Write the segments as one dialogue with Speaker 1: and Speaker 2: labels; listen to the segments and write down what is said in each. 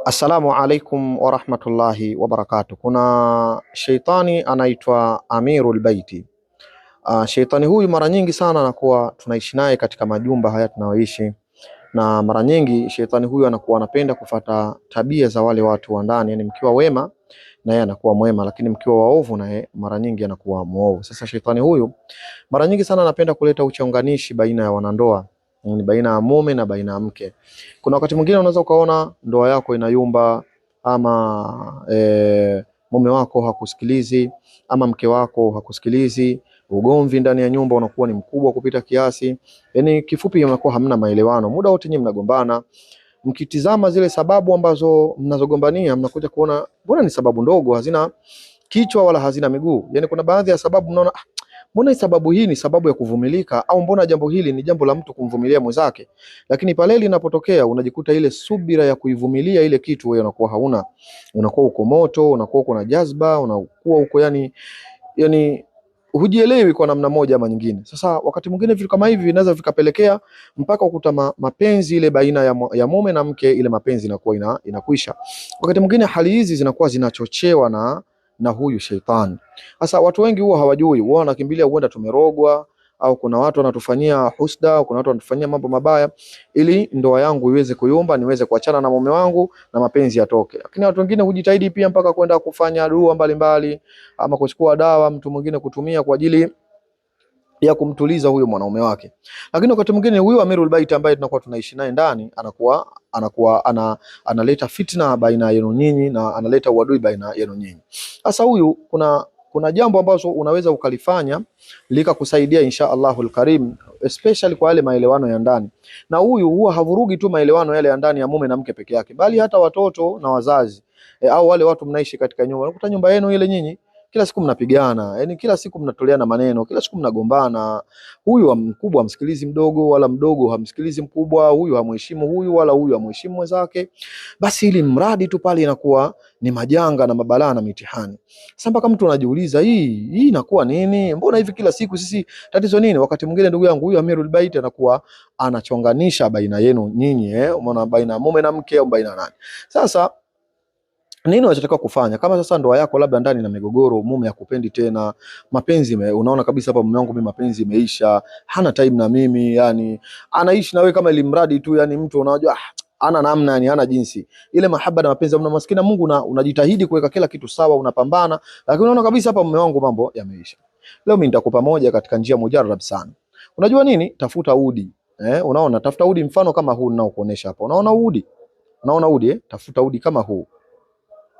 Speaker 1: Assalamu alaikum warahmatullahi barakatuh. Kuna sheitani anaitwa Amirul Baiti. Uh, sheitani huyu mara nyingi sana anakuwa tunaishi naye katika majumba haya tunayoishi, na mara nyingi sheitani huyu anakuwa anapenda kufata tabia za wale watu wa ndani, yani mkiwa wema na yeye anakuwa mwema, lakini mkiwa waovu naye mara nyingi anakuwa mwovu. Sasa sheitani huyu mara nyingi sana anapenda kuleta uchanganishi baina ya wanandoa ni baina ya mume na baina ya mke. Kuna wakati mwingine unaweza ukaona ndoa yako inayumba ama e, mume wako hakusikilizi ama mke wako hakusikilizi, ugomvi ndani ya nyumba unakuwa ni mkubwa kupita kiasi. Yani kifupi, unakuwa hamna maelewano, muda wote nyinyi mnagombana. Mkitizama zile sababu ambazo mnazogombania, mnakuja kuona mbona ni sababu ndogo, hazina kichwa wala hazina miguu. Yani kuna baadhi ya sababu mnaona ah, mbona sababu hii ni sababu ya kuvumilika, au mbona jambo hili ni jambo la mtu kumvumilia mwenzake. Lakini pale linapotokea, unajikuta ile subira ya kuivumilia ile kitu wewe unakuwa hauna, unakuwa uko moto, unakuwa uko na jazba, unakuwa uko yani, yani hujielewi kwa namna moja ama nyingine. Sasa wakati mwingine vitu kama hivi vinaweza vikapelekea mpaka ukuta ma, mapenzi ile baina ya, ya mume na mke ile mapenzi inakuwa ina, inakwisha. Wakati mwingine hali hizi zinakuwa zinachochewa na na huyu sheitani. Sasa watu wengi huwa hawajui, wao wanakimbilia huenda tumerogwa au kuna watu wanatufanyia husda, kuna watu wanatufanyia mambo mabaya ili ndoa yangu iweze kuyumba, niweze kuachana na mume wangu na mapenzi yatoke. Lakini watu wengine hujitahidi pia mpaka kwenda kufanya dua mbalimbali, ama kuchukua dawa mtu mwingine kutumia kwa ajili ya kumtuliza huyo mwanaume wake. Lakini wakati mwingine huyo Amirul Bait ambaye tunakuwa tunaishi naye ndani anakuwa anakuwa ana, analeta fitna baina yenu nyinyi na analeta uadui baina yenu nyinyi. Sasa huyu kuna kuna jambo ambazo unaweza ukalifanya likakusaidia insha Allahul Karim, especially kwa yale maelewano ya ndani. Na huyu huwa havurugi tu maelewano yale ya ndani ya mume na mke peke yake, bali hata watoto na wazazi e, au wale watu mnaishi katika nyumba. Unakuta nyumba yenu ile nyinyi kila siku mnapigana, yani kila siku mnatoleana maneno, kila siku mnagombana. Huyu wa mkubwa hamsikilizi mdogo, wala mdogo hamsikilizi mkubwa, huyu hamheshimu huyu, wala huyu hamheshimu mwenzake. Basi ili mradi tu pale inakuwa ni majanga na mabalaa na mitihani. Sasa mpaka mtu anajiuliza hii hii inakuwa nini? Mbona hivi kila siku sisi tatizo nini? Wakati mwingine ndugu yangu huyu Amirul Bait anakuwa anachonganisha baina yenu nyinyi, eh, umeona baina mume na mke au baina nani. Sasa nini unachotakiwa kufanya kama sasa ndoa yako labda ndani na migogoro, mume akupendi tena, mapenzi me, unaona kabisa hapa mume wangu mimi mapenzi imeisha, hana time na mimi, yani anaishi na wewe kama ilimradi tu, yani mtu unajua ah, ana namna yani, ana jinsi ile mahaba na mapenzi amna. Maskini Mungu, na unajitahidi kuweka kila kitu sawa, unapambana, lakini unaona kabisa hapa mume wangu mambo yameisha. Leo mimi nitakupa moja katika njia mujarab sana. Unajua nini? Tafuta udi eh, unaona, tafuta udi mfano kama huu ninaokuonesha hapa. Unaona udi, unaona udi eh, tafuta udi kama huu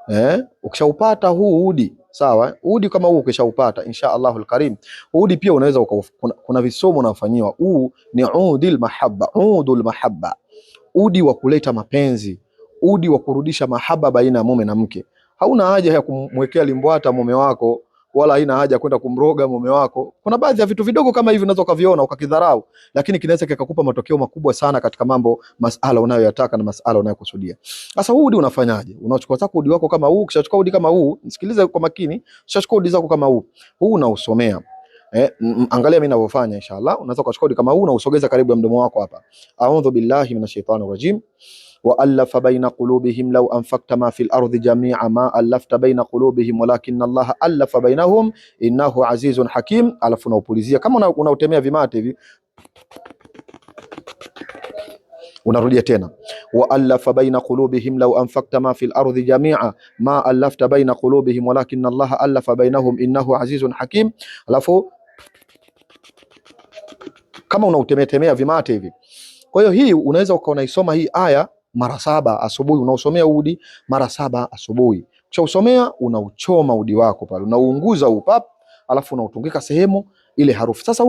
Speaker 1: Eh, ukishaupata huu udi sawa, udi kama huu ukishaupata, insha Allahul Karim, udi pia unaweza kuna, kuna visomo unafanyiwa. Huu ni udil mahabba, udul mahabba, udi wa kuleta mapenzi, udi wa kurudisha mahaba baina ya mume na mke. Hauna haja ya kumwekea limbwata mume wako wala haina haja kwenda kumroga mume wako. Kuna baadhi ya vitu vidogo kama hivi unaweza ukaviona ukakidharau, lakini kinaweza kikakupa matokeo makubwa sana katika mambo masala unayoyataka na masala unayokusudia. Sasa huu udi unafanyaje? Unachukua zako udi wako kama huu, chukua udi kama huu, nisikilize kwa makini, chukua udi zako kama huu, huu unausomea Eh, angalia mimi ninavyofanya inshallah. Unaweza kuchukua kodi kama huu na usogeza karibu ya mdomo wako hapa. A'udhu billahi minashaitanir rajim. Wa alafa baina qulubihim law anfaqta ma fil ardi jami'a ma alafta baina qulubihim walakinna Allah alafa bainahum innahu azizun hakim. Alafu unaupulizia kama unautemea una vimate hivi unarudia tena, wa alafa baina qulubihim law anfaqta ma fil ardi jami'a ma alafta baina qulubihim walakinna Allah alafa bainahum innahu azizun hakim. Alafu kama unautemetemea vimate hivi. Kwa hiyo hii unaweza ukaonaisoma hii aya mara saba asubuhi, unausomea udi mara saba asubuhi. usomea, unauchoma udi wako pale, unaunguza upap, alafu unautungika sehemu ile harufu. Sasa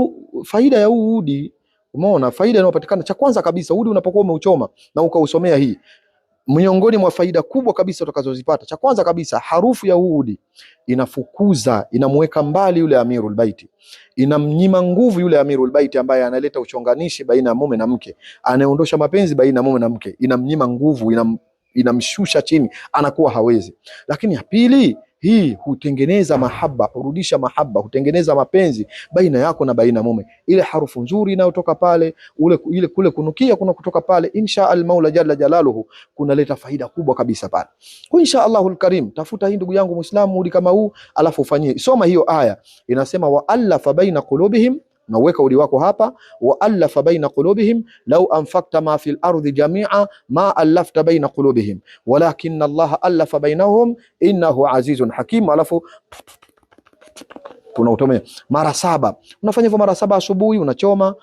Speaker 1: faida ya huu udi Umeona faida inayopatikana. Cha kwanza kabisa, udi unapokuwa umeuchoma na ukausomea hii, miongoni mwa faida kubwa kabisa utakazozipata, cha kwanza kabisa, harufu ya uudi inafukuza, inamweka mbali yule amirul baiti, inamnyima nguvu yule amirul baiti ambaye analeta uchonganishi baina ya mume na mke, anaondosha mapenzi baina ya mume na mke, inamnyima nguvu, inam inamshusha chini, anakuwa hawezi. Lakini ya pili hii hutengeneza mahaba, hurudisha mahaba, hutengeneza mapenzi baina yako na baina mume, ile harufu nzuri inayotoka pale, ule ile kule kunukia kuna kutoka pale, insha al maula jalla jalaluhu, kunaleta faida kubwa kabisa pale kwa insha Allahul karim. Tafuta hii ndugu yangu Muislamu, uli kama huu, alafu ufanyie, soma hiyo aya inasema, wa allafa baina qulubihim Unauweka udi wako hapa, wa alafa baina qulubihim law anfaqta ma fil ardi jamia ma alafta baina qulubihim walakin Allah alafa bainahum innahu azizun hakim, alafu unaotomea mara saba. Unafanya hivyo mara saba asubuhi, unachoma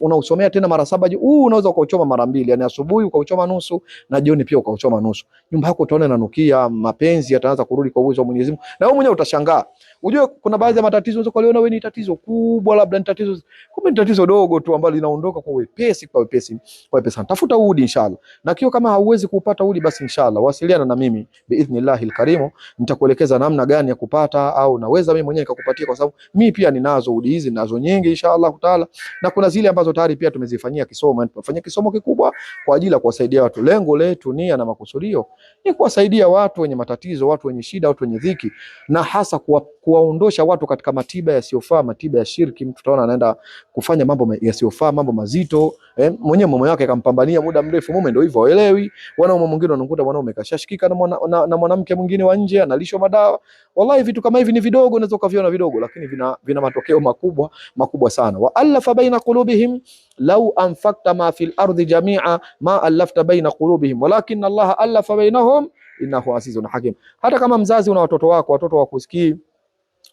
Speaker 1: unausomea una tena mara saba juu. Uh, unaweza ukauchoma mara mbili, yani asubuhi ukauchoma nusu na jioni pia ukauchoma nusu. Nyumba yako utaona inanukia, mapenzi yataanza kurudi kwa uwezo wa Mwenyezi Mungu, na wewe mwenyewe utashangaa. Unajua, kuna baadhi ya matatizo unaweza kuliona wewe ni tatizo kubwa, labda ni tatizo, kumbe ni tatizo dogo tu ambalo linaondoka kwa wepesi, kwa wepesi, kwa wepesi. Tafuta udi inshallah, na kio kama hauwezi kupata udi, basi inshallah wasiliana na mimi biidhnillahil karimu, nitakuelekeza namna gani ya kupata, au naweza mimi mwenyewe nikakupatia sababu mimi pia ninazo udi hizi ninazo nyingi inshallah taala, na kuna zile ambazo tayari pia tumezifanyia kisomo, yani tunafanya kisomo kikubwa kwa ajili ya kuwasaidia watu. Lengo letu, nia na makusudio ni kuwasaidia watu wenye matatizo, watu wenye shida, watu wenye dhiki, na hasa kuwa, kuwaondosha watu katika matiba yasiyofaa, matiba ya shirki. Mtu tunaona anaenda kufanya mambo yasiyofaa, mambo mazito eh, mwenyewe mume wake akampambania muda mrefu, mume ndio hivyo elewi. Wanaume mwingine wanakuta mwanaume kashashikika na mwanamke mwingine wa nje, analishwa madawa. Wallahi, vitu kama hivi ni vidogo, unaweza ukaviona vidogo lakini vina, vina matokeo makubwa makubwa sana. wa alafa baina qulubihim law anfaqta ma fil ardi jamia ma alafta baina qulubihim walakin Allah alafa bainahum innahu azizun hakim. Hata kama mzazi una watoto wako, watoto wakusikii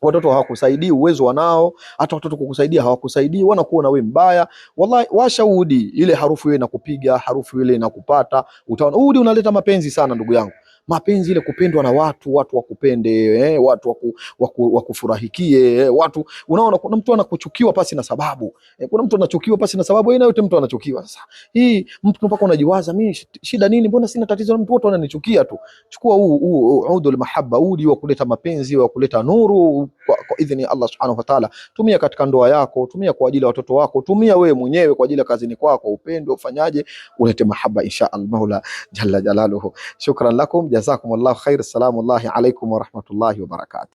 Speaker 1: watoto hawakusaidii, uwezo wanao, hata watoto kukusaidia hawakusaidii, wanakuona wewe mbaya. Wallahi, washahudi ile harufu ile inakupiga, harufu ile inakupata, utaona udi unaleta mapenzi sana, ndugu yangu mapenzi ile kupendwa na watu, watu wakupende eh, watu waku, waku, wakufurahikie eh, watu. Unaona, kuna mtu anakuchukiwa pasi na sababu eh, kuna mtu anachukiwa pasi na sababu aina yote, mtu anachukiwa. Sasa hii mtu mpaka unajiwaza, mimi shida nini? Mbona sina tatizo na mtu, wote wananichukia tu. Chukua huu huu udul mahabba, udi wa kuleta mapenzi, wa kuleta nuru kwa, kwa idhini Allah subhanahu wa ta'ala. Tumia katika ndoa yako, tumia kwa ajili ya watoto wako, tumia wewe mwenyewe kwa ajili ya kazini kwako, upendo ufanyaje, ulete mahaba insha Allah Mola jalla jalaluhu. Shukran lakum. جزاكم الله خير السلام الله عليكم ورحمة الله وبركاته